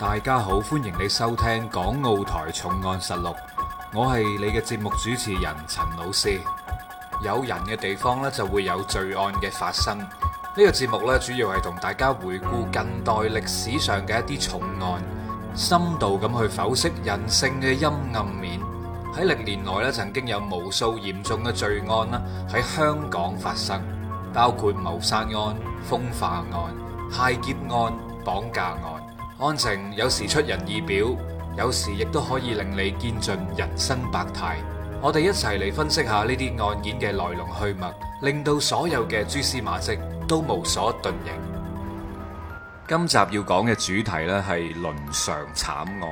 大家好，歡迎你收聽《港澳台重案實錄》，我係你嘅節目主持人陳老師。有人嘅地方咧，就會有罪案嘅發生。呢個節目咧，主要係同大家回顧近代歷史上嘅一啲重案，深度咁去剖析人性嘅陰暗面。喺歷年來咧，曾經有無數嚴重嘅罪案啦，喺香港發生，包括謀殺案、風化案、械劫案、綁架案。案情有時出人意表，有時亦都可以令你見盡人生百態。我哋一齊嚟分析下呢啲案件嘅來龍去脈，令到所有嘅蛛絲馬跡都無所遁形。今集要講嘅主題呢係倫常慘案。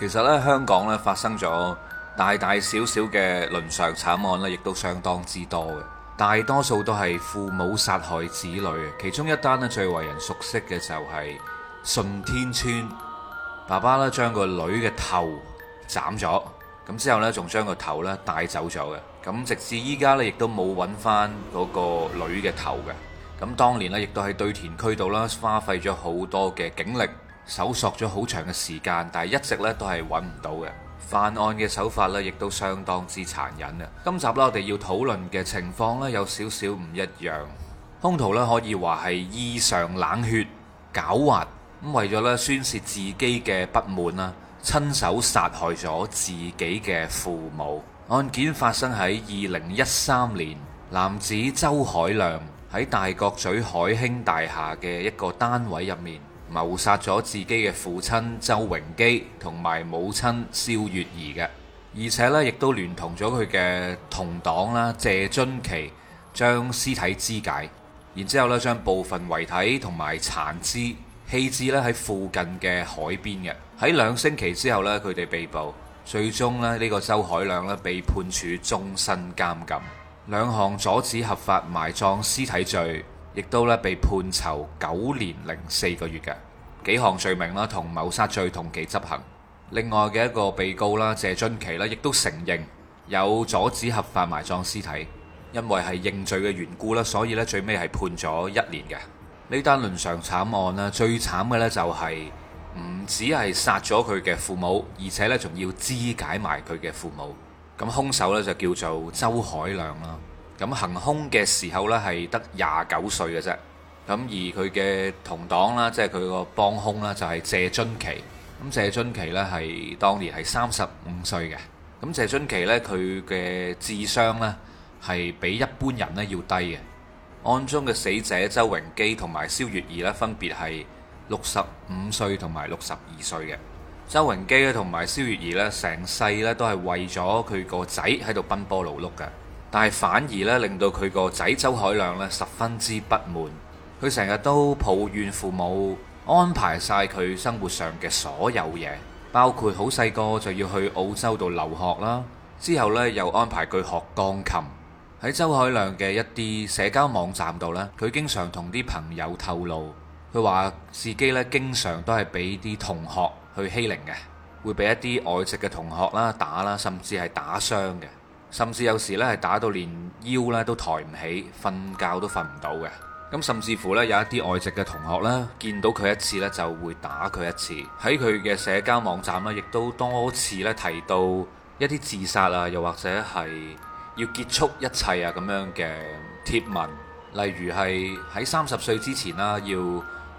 其實呢，香港呢發生咗大大小小嘅倫常慘案呢，亦都相當之多嘅。大多數都係父母殺害子女。其中一單呢最為人熟悉嘅就係、是。順天村爸爸咧將個女嘅頭斬咗，咁之後咧仲將個頭咧帶走咗嘅，咁直至依家咧亦都冇揾翻嗰個女嘅頭嘅。咁當年咧亦都喺堆填區度啦，花費咗好多嘅警力，搜索咗好長嘅時間，但係一直咧都係揾唔到嘅。犯案嘅手法咧亦都相當之殘忍啊！今集啦，我哋要討論嘅情況咧有少少唔一樣，兇徒咧可以話係異常冷血、狡猾。咁為咗咧宣泄自己嘅不滿啦，親手殺害咗自己嘅父母。案件發生喺二零一三年，男子周凱亮喺大角咀海興大廈嘅一個單位入面，謀殺咗自己嘅父親周榮基同埋母親蕭月兒嘅，而且呢，亦都聯同咗佢嘅同黨啦，謝津琪，將屍體肢解，然之後呢，將部分遺體同埋殘肢，棄置咧喺附近嘅海邊嘅，喺兩星期之後呢，佢哋被捕，最終呢，呢、這個周凱亮咧被判處終身監禁，兩項阻止合法埋葬屍體罪，亦都咧被判囚九年零四個月嘅，幾項罪名啦同謀殺罪同期執行，另外嘅一個被告啦謝津琪啦，亦都承認有阻止合法埋葬屍體，因為係認罪嘅緣故啦，所以呢，最尾係判咗一年嘅。呢單倫常慘案啦，最慘嘅呢，就係唔止係殺咗佢嘅父母，而且呢仲要肢解埋佢嘅父母。咁兇手呢，就叫做周凱亮啦。咁行兇嘅時候呢，係得廿九歲嘅啫。咁而佢嘅同黨啦，即係佢個幫兇啦，就係、是、謝津琪。咁謝津琪呢，係當年係三十五歲嘅。咁謝津琪呢，佢嘅智商呢，係比一般人呢要低嘅。案中嘅死者周榮基同埋蕭月兒呢，分別係六十五歲同埋六十二歲嘅。周榮基咧同埋蕭月兒呢，成世呢都係為咗佢個仔喺度奔波勞碌嘅，但係反而呢令到佢個仔周凱亮呢十分之不滿，佢成日都抱怨父母安排晒佢生活上嘅所有嘢，包括好細個就要去澳洲度留學啦，之後呢又安排佢學鋼琴。喺周凱亮嘅一啲社交網站度呢，佢經常同啲朋友透露，佢話自己咧經常都係俾啲同學去欺凌嘅，會俾一啲外籍嘅同學啦打啦，甚至係打傷嘅，甚至有時咧係打到連腰咧都抬唔起，瞓覺都瞓唔到嘅。咁甚至乎呢有一啲外籍嘅同學呢，見到佢一次呢就會打佢一次。喺佢嘅社交網站呢，亦都多次咧提到一啲自殺啊，又或者係，要結束一切啊！咁樣嘅貼文，例如係喺三十歲之前啦、啊，要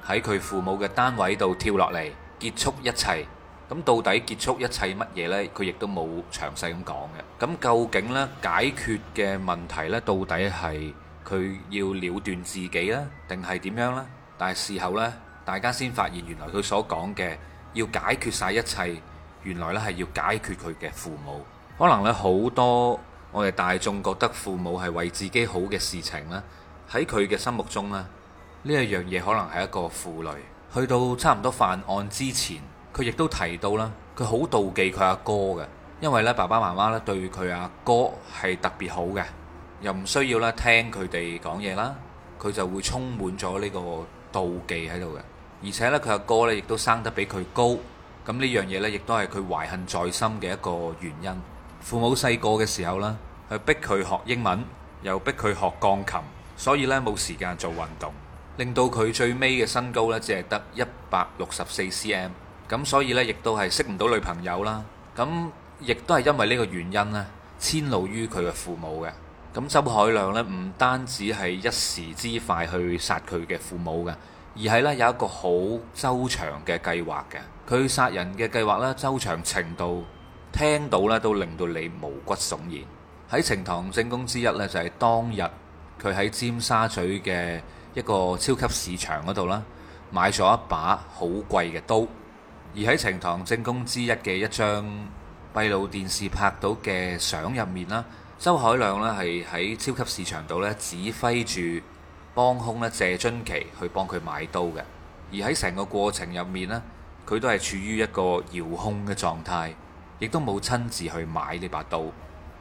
喺佢父母嘅單位度跳落嚟結束一切。咁到底結束一切乜嘢呢？佢亦都冇詳細咁講嘅。咁究竟呢解決嘅問題呢？到底係佢要了斷自己啦，定係點樣呢？但係事後呢，大家先發現原來佢所講嘅要解決晒一切，原來呢係要解決佢嘅父母。可能呢好多。我哋大眾覺得父母係為自己好嘅事情啦，喺佢嘅心目中呢，呢一樣嘢可能係一個負累。去到差唔多犯案之前，佢亦都提到啦，佢好妒忌佢阿哥嘅，因為呢，爸爸媽媽呢對佢阿哥係特別好嘅，又唔需要啦聽佢哋講嘢啦，佢就會充滿咗呢個妒忌喺度嘅。而且呢，佢阿哥呢亦都生得比佢高，咁呢樣嘢呢，亦都係佢懷恨在心嘅一個原因。父母細個嘅時候呢，係逼佢學英文，又逼佢學鋼琴，所以呢冇時間做運動，令到佢最尾嘅身高呢，只係得一百六十四 cm。咁所以呢，亦都係識唔到女朋友啦。咁亦都係因為呢個原因呢，遷怒於佢嘅父母嘅。咁周海亮呢，唔單止係一時之快去殺佢嘅父母嘅，而係呢，有一個好周詳嘅計劃嘅。佢殺人嘅計劃呢，周詳程度。聽到咧都令到你毛骨悚然。喺呈堂證供之一咧，就係當日佢喺尖沙咀嘅一個超級市場嗰度啦，買咗一把好貴嘅刀。而喺呈堂證供之一嘅一張閉路電視拍到嘅相入面啦，周凱亮咧係喺超級市場度咧指揮住幫兇咧謝津琪去幫佢買刀嘅。而喺成個過程入面咧，佢都係處於一個遙控嘅狀態。亦都冇親自去買呢把刀，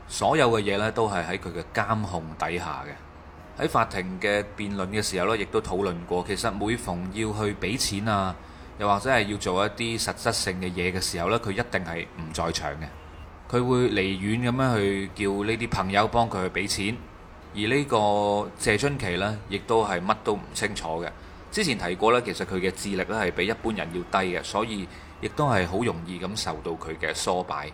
所有嘅嘢呢，都係喺佢嘅監控底下嘅。喺法庭嘅辯論嘅時候呢，亦都討論過。其實每逢要去俾錢啊，又或者係要做一啲實質性嘅嘢嘅時候呢，佢一定係唔在場嘅。佢會離遠咁樣去叫呢啲朋友幫佢去俾錢。而呢個謝春琪呢，亦都係乜都唔清楚嘅。之前提過呢，其實佢嘅智力咧係比一般人要低嘅，所以，亦都係好容易咁受到佢嘅唆擺。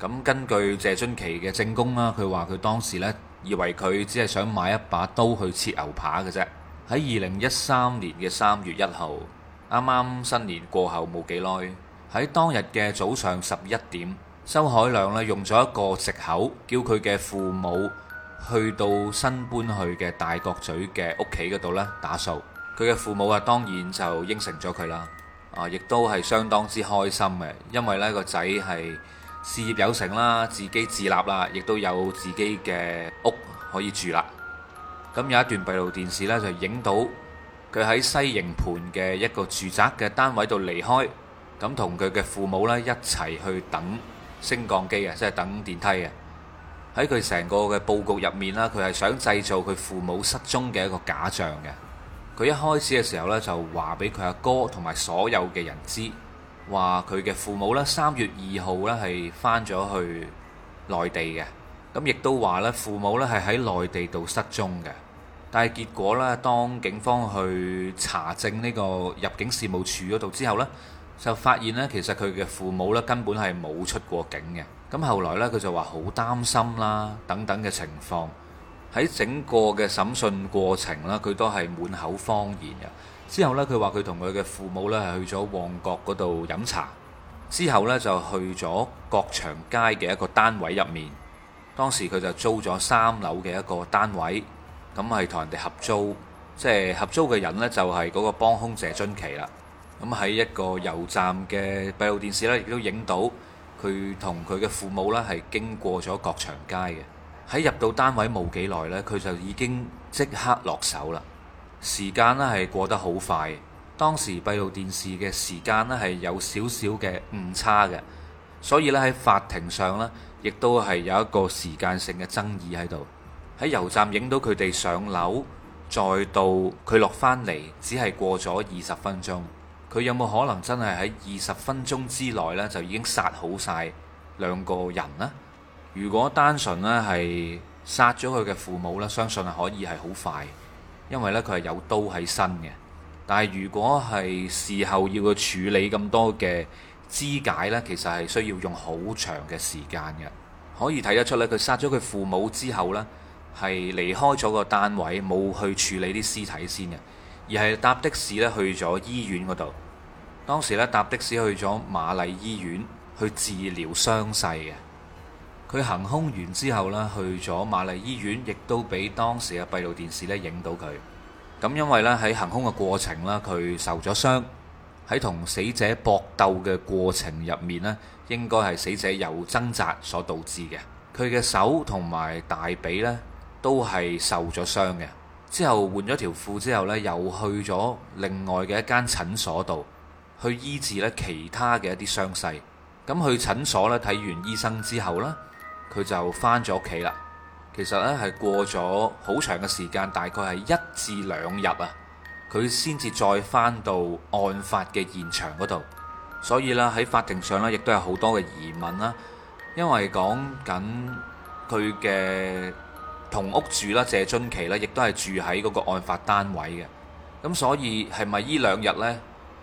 咁根據謝津琪嘅證供啦，佢話佢當時咧以為佢只係想買一把刀去切牛扒嘅啫。喺二零一三年嘅三月一號，啱啱新年過後冇幾耐，喺當日嘅早上十一點，周凱亮咧用咗一個藉口，叫佢嘅父母去到新搬去嘅大角咀嘅屋企嗰度咧打掃。佢嘅父母啊，當然就應承咗佢啦。啊，亦都係相當之開心嘅，因為呢個仔係事業有成啦，自己自立啦，亦都有自己嘅屋可以住啦。咁有一段閉路電視呢，就影到佢喺西營盤嘅一個住宅嘅單位度離開，咁同佢嘅父母呢一齊去等升降機嘅，即係等電梯嘅。喺佢成個嘅佈局入面啦，佢係想製造佢父母失蹤嘅一個假象嘅。佢一開始嘅時候咧，就話俾佢阿哥同埋所有嘅人知，話佢嘅父母咧三月二號咧係返咗去內地嘅，咁亦都話咧父母咧係喺內地度失蹤嘅。但係結果咧，當警方去查證呢個入境事務處嗰度之後咧，就發現咧其實佢嘅父母咧根本係冇出過境嘅。咁後來咧，佢就話好擔心啦，等等嘅情況。喺整個嘅審訊過程呢，佢都係滿口謊言嘅。之後呢，佢話佢同佢嘅父母呢係去咗旺角嗰度飲茶，之後呢，就去咗國祥街嘅一個單位入面。當時佢就租咗三樓嘅一個單位，咁係同人哋合租，即係合租嘅人呢，就係嗰個幫兇謝津琪啦。咁喺一個油站嘅閉路電視呢，亦都影到佢同佢嘅父母呢係經過咗國祥街嘅。喺入到單位冇幾耐呢，佢就已經即刻落手啦。時間咧係過得好快。當時閉路電視嘅時間咧係有少少嘅誤差嘅，所以咧喺法庭上呢，亦都係有一個時間性嘅爭議喺度。喺油站影到佢哋上樓，再到佢落返嚟，只係過咗二十分鐘。佢有冇可能真係喺二十分鐘之內呢，就已經殺好晒兩個人呢？如果單純咧係殺咗佢嘅父母咧，相信係可以係好快，因為咧佢係有刀喺身嘅。但係如果係事後要去處理咁多嘅肢解咧，其實係需要用好長嘅時間嘅。可以睇得出咧，佢殺咗佢父母之後咧，係離開咗個單位，冇去處理啲屍體先嘅，而係搭的士咧去咗醫院嗰度。當時咧搭的士去咗瑪麗醫院去治療傷勢嘅。佢行凶完之後呢，去咗瑪麗醫院，亦都俾當時嘅閉路電視咧影到佢。咁因為咧喺行凶嘅過程咧，佢受咗傷。喺同死者搏鬥嘅過程入面呢，應該係死者有掙扎所導致嘅。佢嘅手同埋大髀呢都係受咗傷嘅。之後換咗條褲之後呢，又去咗另外嘅一間診所度去醫治呢其他嘅一啲傷勢。咁去診所咧睇完醫生之後呢。佢就返咗屋企啦。其實咧係過咗好長嘅時間，大概係一至兩日啊，佢先至再返到案發嘅現場嗰度。所以咧喺法庭上咧，亦都有好多嘅疑問啦。因為講緊佢嘅同屋住啦，謝津琪咧亦都係住喺嗰個案發單位嘅。咁所以係咪呢兩日呢，呢、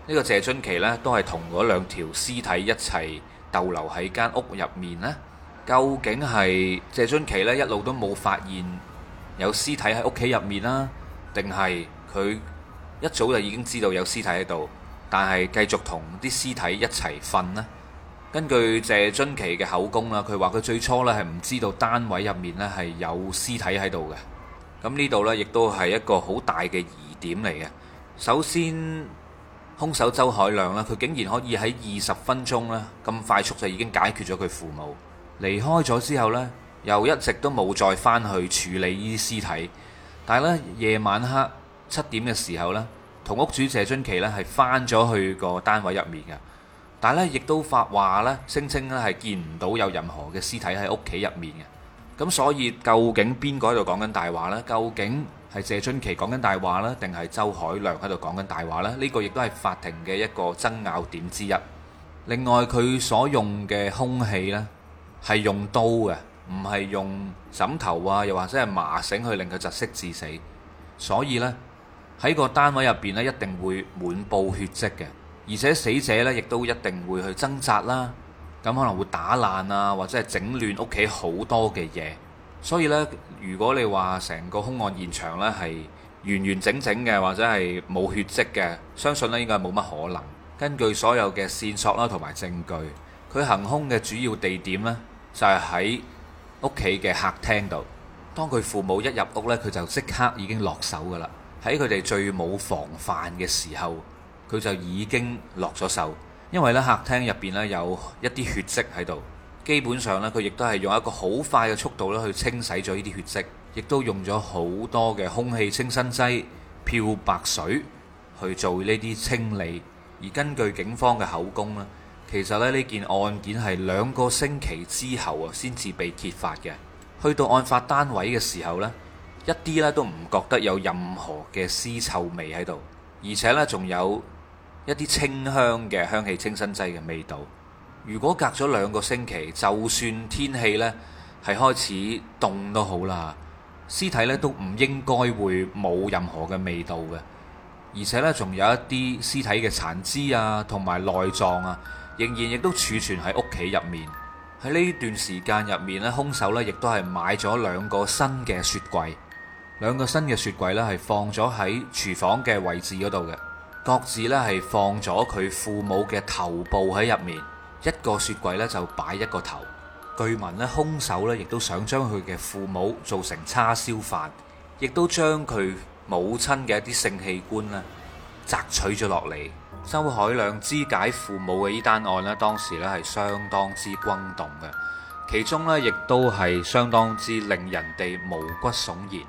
呢個謝津琪呢，都係同嗰兩條屍體一齊逗留喺間屋入面呢？究竟係謝津琪咧，一路都冇發現有屍體喺屋企入面啦，定係佢一早就已經知道有屍體喺度，但係繼續同啲屍體一齊瞓啦？根據謝津琪嘅口供啦，佢話佢最初咧係唔知道單位入面咧係有屍體喺度嘅。咁呢度咧亦都係一個好大嘅疑點嚟嘅。首先，兇手周海亮、周凱亮啦，佢竟然可以喺二十分鐘啦咁快速就已經解決咗佢父母。離開咗之後呢，又一直都冇再返去處理呢啲屍體。但係呢，夜晚黑七點嘅時候呢，同屋主謝津琪呢係返咗去個單位入面嘅。但係咧，亦都發話咧，聲稱咧係見唔到有任何嘅屍體喺屋企入面嘅。咁所以究竟邊個喺度講緊大話呢？究竟係謝津琪講緊大話呢？定係周凱亮喺度講緊大話呢？呢、這個亦都係法庭嘅一個爭拗點之一。另外佢所用嘅凶器呢。係用刀嘅，唔係用枕頭啊，又或者係麻繩去令佢窒息致死。所以呢，喺個單位入邊呢，一定會滿布血跡嘅，而且死者呢亦都一定會去掙扎啦，咁可能會打爛啊，或者係整亂屋企好多嘅嘢。所以呢，如果你話成個凶案現場呢係完完整整嘅，或者係冇血跡嘅，相信呢應該係冇乜可能。根據所有嘅線索啦同埋證據，佢行凶嘅主要地點呢。就係喺屋企嘅客廳度，當佢父母一入屋呢，佢就即刻已經落手㗎喇。喺佢哋最冇防範嘅時候，佢就已經落咗手。因為呢，客廳入邊呢有一啲血跡喺度，基本上呢，佢亦都係用一個好快嘅速度咧去清洗咗呢啲血跡，亦都用咗好多嘅空氣清新劑、漂白水去做呢啲清理。而根據警方嘅口供咧。其實咧，呢件案件係兩個星期之後啊，先至被揭發嘅。去到案發單位嘅時候呢，一啲咧都唔覺得有任何嘅屍臭味喺度，而且呢仲有一啲清香嘅香氣清新劑嘅味道。如果隔咗兩個星期，就算天氣呢係開始凍都好啦，屍體呢都唔應該會冇任何嘅味道嘅，而且呢，仲有一啲屍體嘅殘肢啊，同埋內臟啊。仍然亦都儲存喺屋企入面。喺呢段時間入面呢，兇手呢亦都係買咗兩個新嘅雪櫃，兩個新嘅雪櫃呢係放咗喺廚房嘅位置嗰度嘅，各自呢係放咗佢父母嘅頭部喺入面，一個雪櫃呢就擺一個頭。據聞呢，兇手呢亦都想將佢嘅父母做成叉燒飯，亦都將佢母親嘅一啲性器官呢摘取咗落嚟。周凱亮肢解父母嘅呢單案咧，當時呢係相當之轟動嘅，其中呢亦都係相當之令人哋毛骨悚然。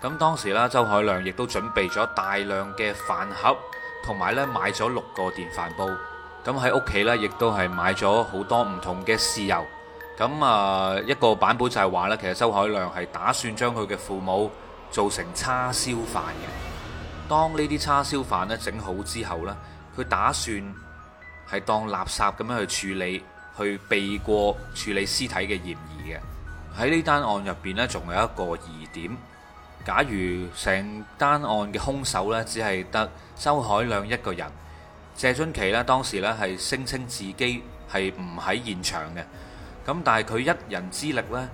咁當時呢，周凱亮亦都準備咗大量嘅飯盒，同埋呢買咗六個電飯煲。咁喺屋企呢，亦都係買咗好多唔同嘅豉油。咁啊，一個版本就係話呢，其實周凱亮係打算將佢嘅父母做成叉燒飯嘅。當呢啲叉燒飯咧整好之後呢。佢打算係當垃圾咁樣去處理，去避過處理屍體嘅嫌疑嘅。喺呢單案入邊呢，仲有一個疑點。假如成單案嘅兇手呢，只係得周凱亮一個人，謝春琪呢，當時呢係聲稱自己係唔喺現場嘅。咁但係佢一人之力呢，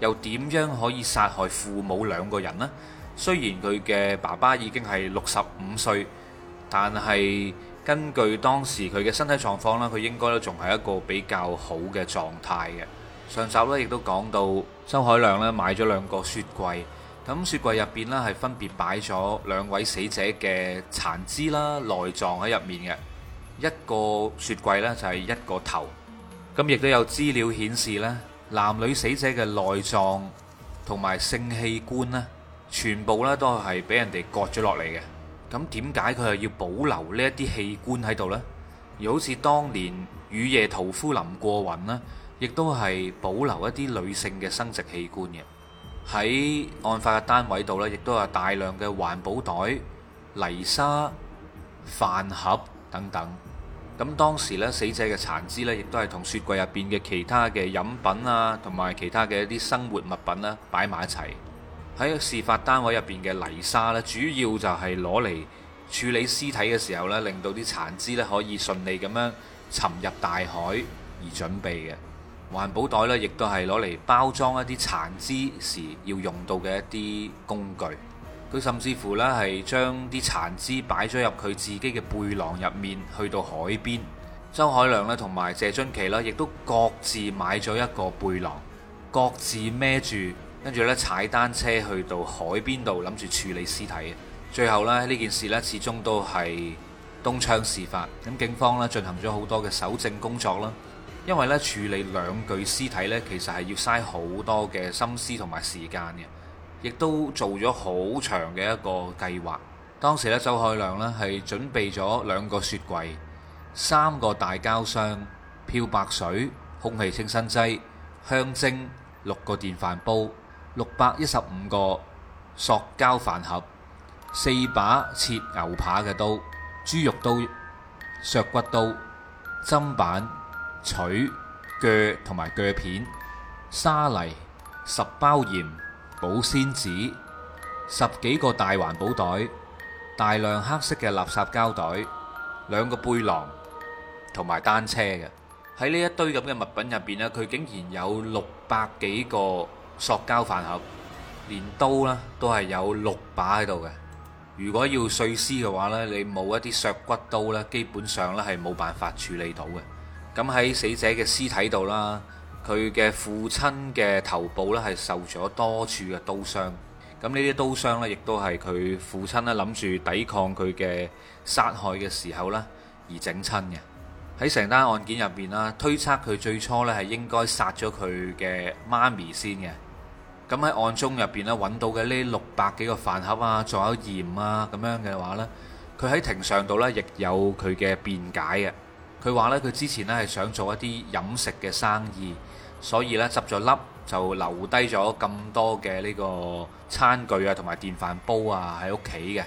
又點樣可以殺害父母兩個人呢？雖然佢嘅爸爸已經係六十五歲，但係。根據當時佢嘅身體狀況，呢佢應該都仲係一個比較好嘅狀態嘅。上集咧亦都講到，周凱亮咧買咗兩個雪櫃，咁雪櫃入邊呢，係分別擺咗兩位死者嘅殘肢啦、內臟喺入面嘅。一個雪櫃呢就係一個頭，咁亦都有資料顯示，呢男女死者嘅內臟同埋性器官呢，全部呢都係俾人哋割咗落嚟嘅。咁點解佢係要保留呢一啲器官喺度呢？而好似當年雨夜屠夫林過雲呢，亦都係保留一啲女性嘅生殖器官嘅。喺案發嘅單位度呢，亦都有大量嘅環保袋、泥沙、飯盒等等。咁當時呢，死者嘅殘肢呢，亦都係同雪櫃入邊嘅其他嘅飲品啊，同埋其他嘅一啲生活物品啦，擺埋一齊。喺事發單位入邊嘅泥沙咧，主要就係攞嚟處理屍體嘅時候咧，令到啲殘肢咧可以順利咁樣沉入大海而準備嘅環保袋咧，亦都係攞嚟包裝一啲殘肢時要用到嘅一啲工具。佢甚至乎咧係將啲殘肢擺咗入佢自己嘅背囊入面，去到海邊。周凱亮咧同埋謝津琪咧，亦都各自買咗一個背囊，各自孭住。跟住咧，踩單車去到海邊度，諗住處理屍體。最後咧，呢件事呢，始終都係東窗事發。咁警方呢，進行咗好多嘅搜證工作啦，因為咧處理兩具屍體呢，其實係要嘥好多嘅心思同埋時間嘅，亦都做咗好長嘅一個計劃。當時咧，周凱亮呢，係準備咗兩個雪櫃、三個大膠箱、漂白水、空氣清新劑、香精、六個電飯煲。六百一十五個塑膠飯盒，四把切牛扒嘅刀、豬肉刀、削骨刀、砧板、錘、鋸同埋鋸片、沙泥、十包鹽、保鮮紙、十幾個大環保袋、大量黑色嘅垃圾膠袋、兩個背囊同埋單車嘅。喺呢一堆咁嘅物品入邊咧，佢竟然有六百幾個塑膠飯盒，連刀啦都係有六把喺度嘅。如果要碎屍嘅話咧，你冇一啲削骨刀咧，基本上咧係冇辦法處理到嘅。咁喺死者嘅屍體度啦，佢嘅父親嘅頭部咧係受咗多處嘅刀傷。咁呢啲刀傷咧亦都係佢父親咧諗住抵抗佢嘅殺害嘅時候咧而整親嘅。喺成單案件入邊啦，推測佢最初咧係應該殺咗佢嘅媽咪先嘅。咁喺案中入邊揾到嘅呢六百幾個飯盒啊，仲有鹽啊咁樣嘅話呢，佢喺庭上度呢亦有佢嘅辯解嘅。佢話呢，佢之前呢係想做一啲飲食嘅生意，所以呢執咗粒就留低咗咁多嘅呢個餐具啊，同埋電飯煲啊喺屋企嘅。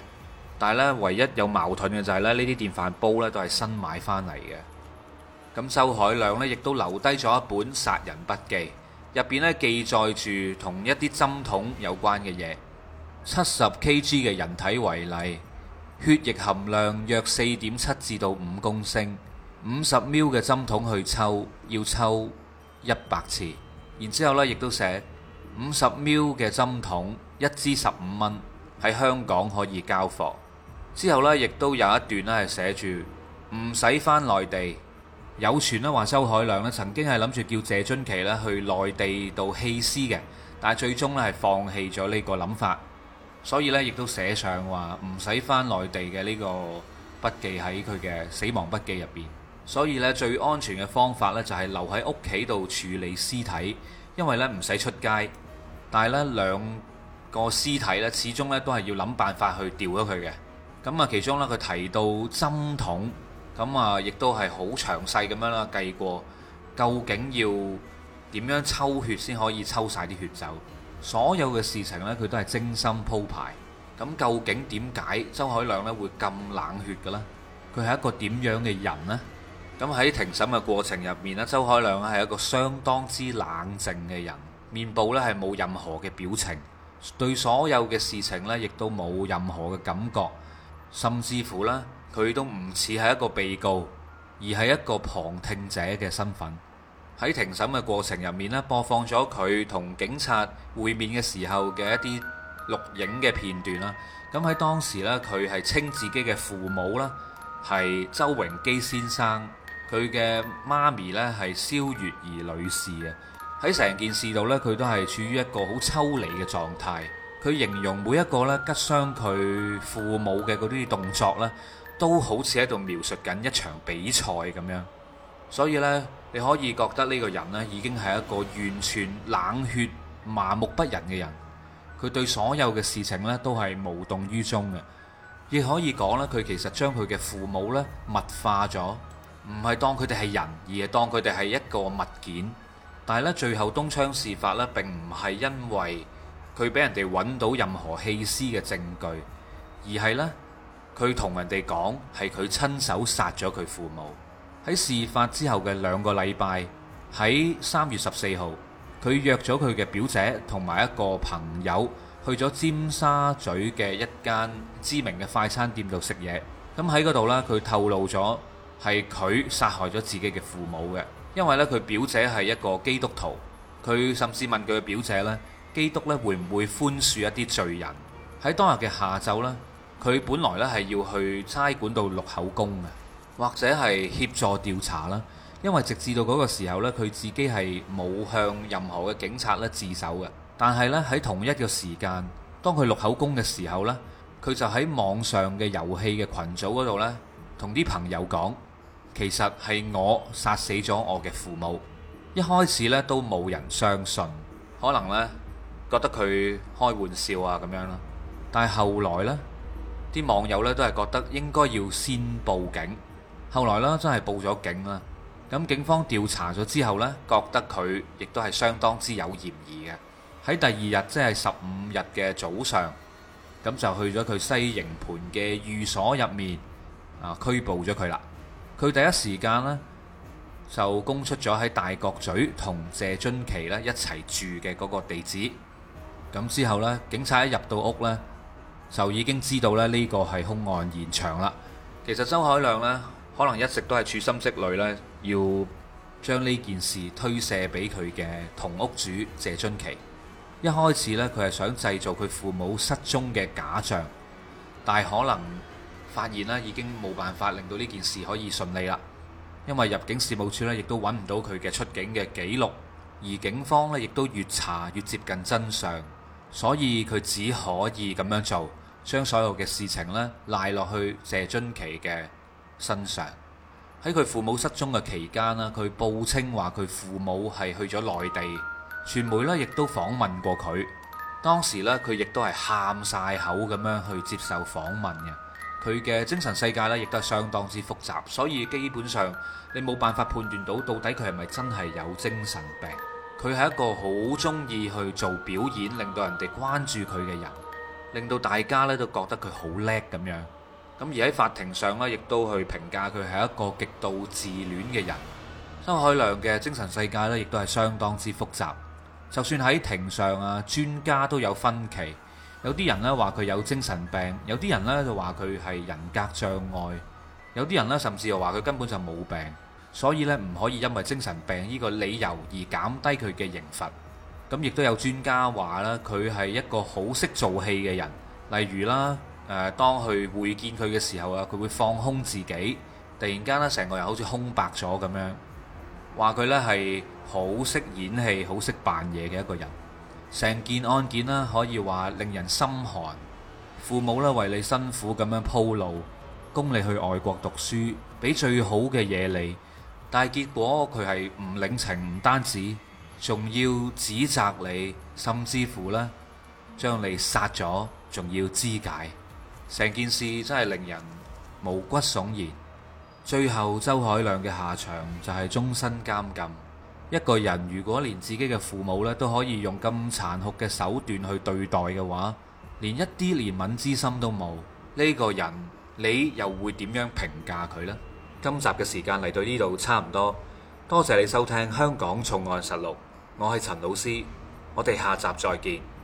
但係呢，唯一有矛盾嘅就係呢呢啲電飯煲呢都係新買返嚟嘅。咁周凱亮呢亦都留低咗一本殺人筆記。入邊咧記載住同一啲針筒有關嘅嘢，七十 Kg 嘅人體為例，血液含量約四點七至到五公升，五十 mL 嘅針筒去抽要抽一百次。然之後咧，亦都寫五十 mL 嘅針筒一枝十五蚊喺香港可以交貨。之後咧，亦都有一段咧係寫住唔使返內地。有傳咧話，周凱亮咧曾經係諗住叫謝津琪咧去內地度棄屍嘅，但係最終咧係放棄咗呢個諗法，所以呢亦都寫上話唔使返內地嘅呢個筆記喺佢嘅死亡筆記入邊。所以呢最安全嘅方法呢就係留喺屋企度處理屍體，因為呢唔使出街。但係呢兩個屍體呢，始終呢都係要諗辦法去掉咗佢嘅。咁啊，其中呢，佢提到針筒。咁啊，亦都係好詳細咁樣啦，計過究竟要點樣抽血先可以抽晒啲血走？所有嘅事情呢，佢都係精心鋪排。咁究竟點解周凱亮呢會咁冷血嘅呢？佢係一個點樣嘅人呢？咁喺庭審嘅過程入面呢，周凱亮係一個相當之冷靜嘅人，面部呢係冇任何嘅表情，對所有嘅事情呢亦都冇任何嘅感覺，甚至乎呢。佢都唔似係一個被告，而係一個旁聽者嘅身份，喺庭審嘅過程入面咧，播放咗佢同警察會面嘅時候嘅一啲錄影嘅片段啦。咁喺當時呢，佢係稱自己嘅父母咧係周榮基先生，佢嘅媽咪呢係蕭月兒女士嘅。喺成件事度呢，佢都係處於一個好抽離嘅狀態。佢形容每一個呢吉傷佢父母嘅嗰啲動作咧。都好似喺度描述緊一場比賽咁樣，所以呢，你可以覺得呢個人呢已經係一個完全冷血、麻木不仁嘅人，佢對所有嘅事情呢都係無動於衷嘅，亦可以講呢佢其實將佢嘅父母呢物化咗，唔係當佢哋係人，而係當佢哋係一個物件。但係呢，最後東窗事發呢，並唔係因為佢俾人哋揾到任何棄屍嘅證據，而係呢。佢同人哋講係佢親手殺咗佢父母。喺事發之後嘅兩個禮拜，喺三月十四號，佢約咗佢嘅表姐同埋一個朋友去咗尖沙咀嘅一間知名嘅快餐店度食嘢。咁喺嗰度咧，佢透露咗係佢殺害咗自己嘅父母嘅。因為呢，佢表姐係一個基督徒，佢甚至問佢嘅表姐呢，基督呢會唔會寬恕一啲罪人？喺當日嘅下晝呢。佢本來咧係要去差館度錄口供嘅，或者係協助調查啦。因為直至到嗰個時候呢，佢自己係冇向任何嘅警察咧自首嘅。但係呢，喺同一個時間，當佢錄口供嘅時候呢，佢就喺網上嘅遊戲嘅群組嗰度呢，同啲朋友講，其實係我殺死咗我嘅父母。一開始呢，都冇人相信，可能呢覺得佢開玩笑啊咁樣啦。但係後來呢。啲網友咧都係覺得應該要先報警，後來咧真係報咗警啦。咁警方調查咗之後呢，覺得佢亦都係相當之有嫌疑嘅。喺第二日即係十五日嘅早上，咁就去咗佢西營盤嘅寓所入面啊拘捕咗佢啦。佢第一時間呢，就供出咗喺大角咀同謝津琪呢一齊住嘅嗰個地址。咁之後呢，警察一入到屋呢。就已經知道咧，呢個係凶案現場啦。其實周凱亮呢，可能一直都係處心積慮呢，要將呢件事推卸俾佢嘅同屋主謝津琪。一開始呢，佢係想製造佢父母失蹤嘅假象，但係可能發現呢已經冇辦法令到呢件事可以順利啦。因為入境事務處呢，亦都揾唔到佢嘅出境嘅記錄，而警方呢，亦都越查越接近真相。所以佢只可以咁樣做，將所有嘅事情呢賴落去謝津琪嘅身上。喺佢父母失蹤嘅期間呢，佢報稱話佢父母係去咗內地。傳媒呢亦都訪問過佢，當時呢，佢亦都係喊晒口咁樣去接受訪問嘅。佢嘅精神世界呢，亦都係相當之複雜，所以基本上你冇辦法判斷到到底佢係咪真係有精神病。佢係一個好鍾意去做表演，令到人哋關注佢嘅人，令到大家咧都覺得佢好叻咁樣。咁而喺法庭上咧，亦都去評價佢係一個極度自戀嘅人。周凱亮嘅精神世界咧，亦都係相當之複雜。就算喺庭上啊，專家都有分歧，有啲人呢話佢有精神病，有啲人呢就話佢係人格障礙，有啲人呢甚至又話佢根本就冇病。所以咧，唔可以因為精神病呢個理由而減低佢嘅刑罰。咁亦都有專家話啦，佢係一個好識做戲嘅人。例如啦，誒，當去會見佢嘅時候啊，佢會放空自己，突然間呢，成個人好似空白咗咁樣。話佢呢係好識演戲、好識扮嘢嘅一個人。成件案件呢，可以話令人心寒。父母呢，為你辛苦咁樣鋪路，供你去外國讀書，俾最好嘅嘢你。但係結果佢係唔領情，唔單止，仲要指責你，甚至乎呢，將你殺咗，仲要肢解，成件事真係令人毛骨悚然。最後周凱亮嘅下場就係終身監禁。一個人如果連自己嘅父母呢都可以用咁殘酷嘅手段去對待嘅話，連一啲憐憫之心都冇，呢、這個人你又會點樣評價佢呢？今集嘅時間嚟到呢度差唔多，多謝你收聽《香港重案實錄》，我係陳老師，我哋下集再見。